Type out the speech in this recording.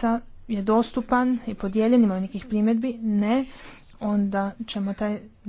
sa je dostupan i podijeljen, ima nekih primjedbi? Ne. Onda ćemo taj